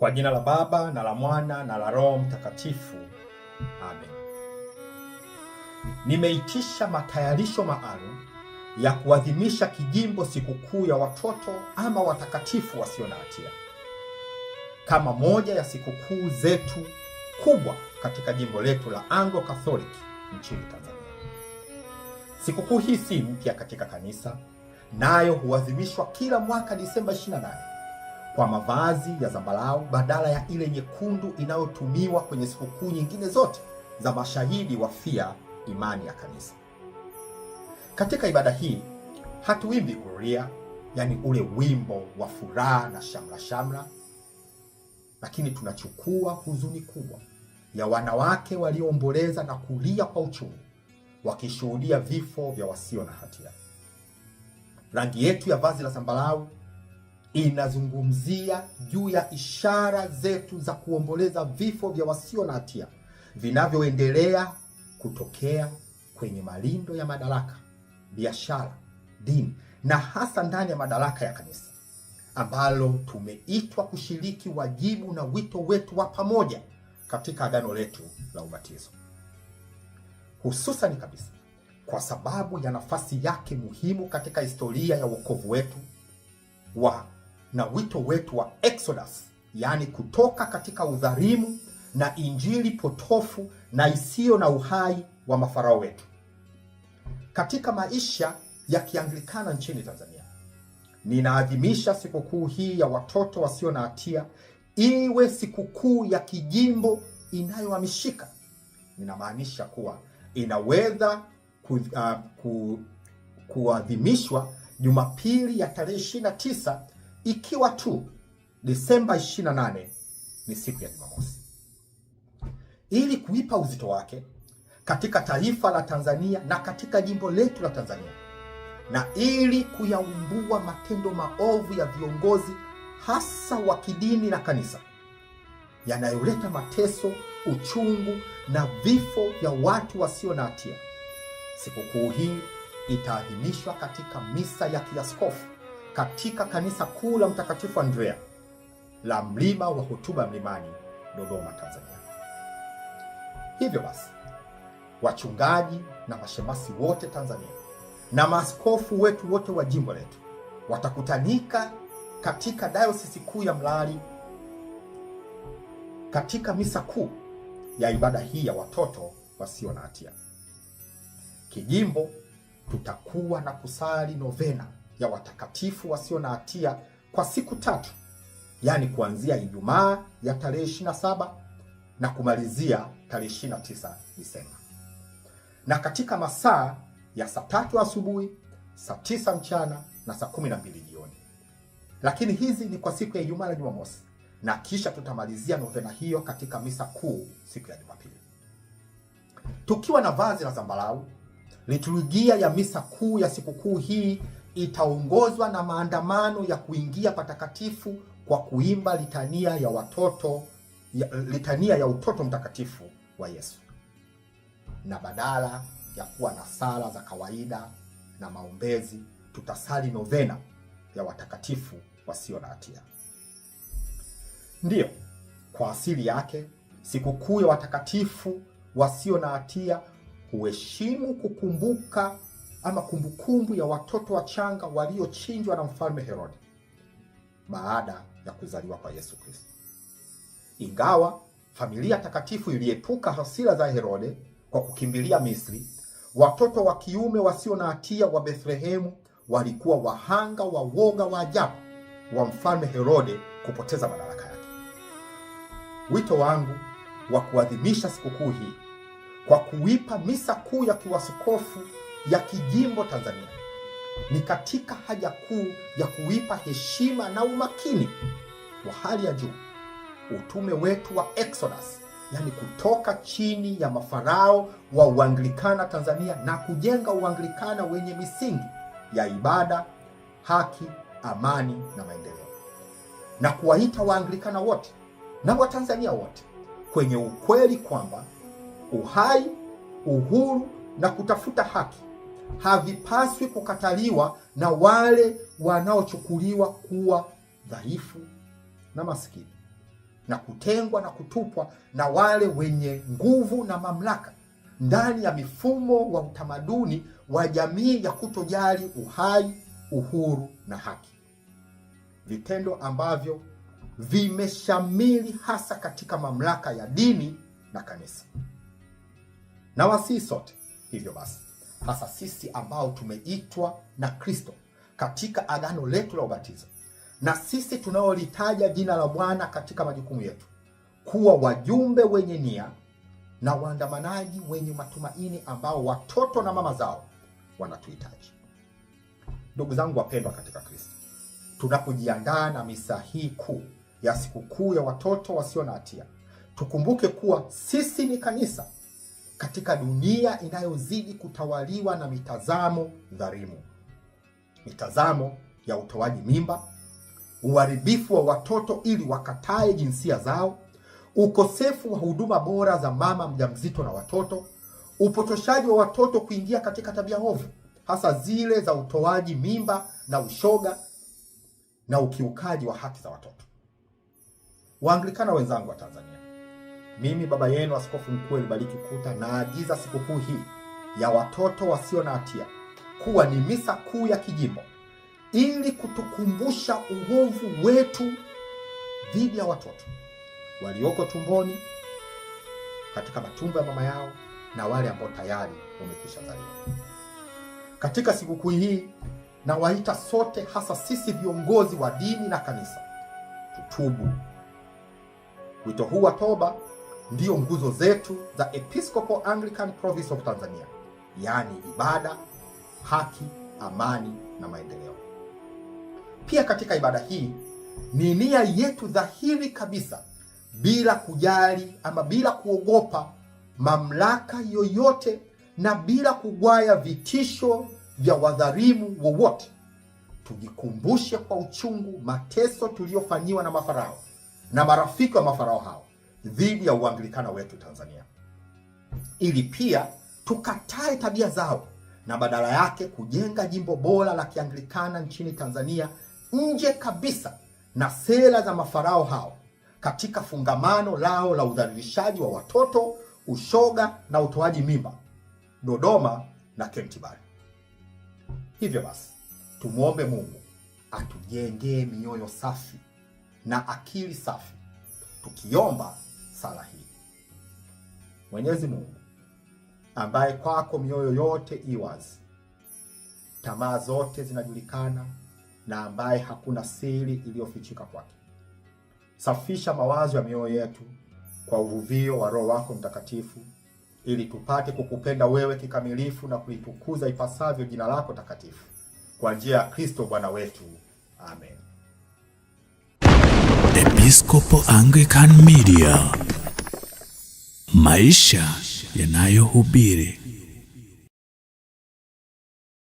Kwa jina la Baba na la Mwana na la Roho Mtakatifu, amen. Nimeitisha matayarisho maalum ya kuadhimisha kijimbo sikukuu ya watoto ama watakatifu wasio na hatia kama moja ya sikukuu zetu kubwa katika jimbo letu la Anglo Catholic nchini Tanzania. Sikukuu hii si mpya katika kanisa, nayo huadhimishwa kila mwaka Disemba 28 kwa mavazi ya zambarau badala ya ile nyekundu inayotumiwa kwenye sikukuu nyingine zote za mashahidi wafia imani ya kanisa. Katika ibada hii hatuimbi kuria, yani ule wimbo wa furaha na shamra shamra, lakini tunachukua huzuni kubwa ya wanawake walioomboleza na kulia kwa uchungu, wakishuhudia vifo vya wasio na hatia. Rangi yetu ya vazi la zambarau inazungumzia juu ya ishara zetu za kuomboleza vifo vya wasio na hatia vinavyoendelea kutokea kwenye malindo ya madaraka, biashara, dini na hasa ndani ya madaraka ya kanisa, ambalo tumeitwa kushiriki wajibu na wito wetu wa pamoja katika agano letu la ubatizo, hususani kabisa kwa sababu ya nafasi yake muhimu katika historia ya wokovu wetu wa na wito wetu wa Exodus, yaani kutoka katika udhalimu na injili potofu na isiyo na uhai wa mafarao wetu. Katika maisha ya Kianglikana nchini Tanzania, ninaadhimisha sikukuu hii ya watoto wasio na hatia iwe sikukuu ya kijimbo inayohamishika. Ninamaanisha kuwa inaweza ku, uh, ku, kuadhimishwa Jumapili ya tarehe 29 ikiwa tu Desemba 28 ni siku ya Jumamosi, ili kuipa uzito wake katika taifa la Tanzania na katika jimbo letu la Tanzania, na ili kuyaumbua matendo maovu ya viongozi hasa wa kidini na kanisa yanayoleta mateso, uchungu na vifo vya watu wasio na hatia. Sikukuu hii itaadhimishwa katika misa ya kiaskofu katika kanisa kuu la Mtakatifu Andrea la mlima wa hotuba mlimani, Dodoma, Tanzania. Hivyo basi, wachungaji na mashemasi wote Tanzania na maaskofu wetu wote wa jimbo letu watakutanika katika dayosisi kuu ya Mlali katika misa kuu ya ibada hii ya watoto wasio na hatia. Kijimbo tutakuwa na kusali novena ya watakatifu wasio na hatia kwa siku tatu, yaani kuanzia Ijumaa ya tarehe 27 na kumalizia tarehe 29 Disemba, na katika masaa ya saa tatu asubuhi, saa tisa mchana na saa kumi na mbili jioni. Lakini hizi ni kwa siku ya Ijumaa na Jumamosi, na kisha tutamalizia novena hiyo katika misa kuu siku ya Jumapili tukiwa na vazi la zambarau, liturujia ya misa kuu ya sikukuu hii itaongozwa na maandamano ya kuingia patakatifu kwa kuimba litania ya watoto ya, litania ya utoto mtakatifu wa Yesu, na badala ya kuwa na sala za kawaida na maombezi, tutasali novena ya watakatifu wasio na hatia. Ndiyo, kwa asili yake sikukuu ya watakatifu wasio na hatia huheshimu kukumbuka ama kumbukumbu ya watoto wachanga waliochinjwa na mfalme Herode baada ya kuzaliwa kwa Yesu Kristo. Ingawa familia takatifu iliepuka hasira za Herode kwa kukimbilia Misri, watoto wa kiume wasio na hatia wa Bethlehemu walikuwa wahanga wa woga wa ajabu wa mfalme Herode kupoteza madaraka yake. Wito wangu wa kuadhimisha sikukuu hii kwa kuipa misa kuu ya kiwasukofu ya kijimbo Tanzania ni katika haja kuu ya kuipa heshima na umakini wa hali ya juu utume wetu wa Exodus, yani kutoka chini ya mafarao wa Uanglikana Tanzania na kujenga Uanglikana wenye misingi ya ibada, haki, amani na maendeleo, na kuwaita Waanglikana wote na Watanzania wote kwenye ukweli kwamba uhai, uhuru na kutafuta haki havipaswi kukataliwa na wale wanaochukuliwa kuwa dhaifu na maskini na kutengwa na kutupwa na wale wenye nguvu na mamlaka ndani ya mifumo wa utamaduni wa jamii ya kutojali uhai, uhuru na haki, vitendo ambavyo vimeshamili hasa katika mamlaka ya dini na kanisa. Nawasihi sote hivyo basi hasa sisi ambao tumeitwa na Kristo katika agano letu la ubatizo, na sisi tunaolitaja jina la Bwana katika majukumu yetu, kuwa wajumbe wenye nia na waandamanaji wenye matumaini ambao watoto na mama zao wanatuhitaji. Ndugu zangu wapendwa katika Kristo, tunapojiandaa na misa hii kuu ya sikukuu ya watoto wasio na hatia, tukumbuke kuwa sisi ni kanisa katika dunia inayozidi kutawaliwa na mitazamo dharimu mitazamo ya utoaji mimba, uharibifu wa watoto ili wakatae jinsia zao, ukosefu wa huduma bora za mama mjamzito na watoto, upotoshaji wa watoto kuingia katika tabia hovu hasa zile za utoaji mimba na ushoga na ukiukaji wa haki za watoto. Waanglikana wenzangu wa Tanzania mimi baba yenu Askofu Mkuu Elibariki Kuta naagiza sikukuu hii ya watoto wasio na hatia kuwa ni misa kuu ya kijimbo ili kutukumbusha uovu wetu dhidi ya watoto walioko tumboni, katika matumbo ya mama yao na wale ambao tayari wamekwisha zaliwa. Katika sikukuu hii nawaita sote, hasa sisi viongozi wa dini na kanisa, tutubu. Wito huu wa toba ndiyo nguzo zetu za Episcopal Anglican Province of Tanzania, yaani ibada, haki, amani na maendeleo. Pia katika ibada hii ni nia yetu dhahiri kabisa, bila kujali ama bila kuogopa mamlaka yoyote na bila kugwaya vitisho vya wadhalimu wowote, tujikumbushe kwa uchungu mateso tuliyofanyiwa na mafarao na marafiki wa mafarao hao dhidi ya uanglikana wetu Tanzania, ili pia tukatae tabia zao na badala yake kujenga jimbo bora la kianglikana nchini Tanzania, nje kabisa na sera za mafarao hao katika fungamano lao la udhalilishaji wa watoto, ushoga na utoaji mimba Dodoma na Kentibari. Hivyo basi tumwombe Mungu atujengee mioyo safi na akili safi, tukiomba sala hii. Mwenyezi Mungu ambaye kwako mioyo yote iwazi, tamaa zote zinajulikana, na ambaye hakuna siri iliyofichika kwake, safisha mawazo ya mioyo yetu kwa uvuvio wa Roho wako Mtakatifu ili tupate kukupenda wewe kikamilifu na kulitukuza ipasavyo jina lako takatifu kwa njia ya Kristo Bwana wetu. Amen. Episcopal Anglican Media, maisha yanayohubiri.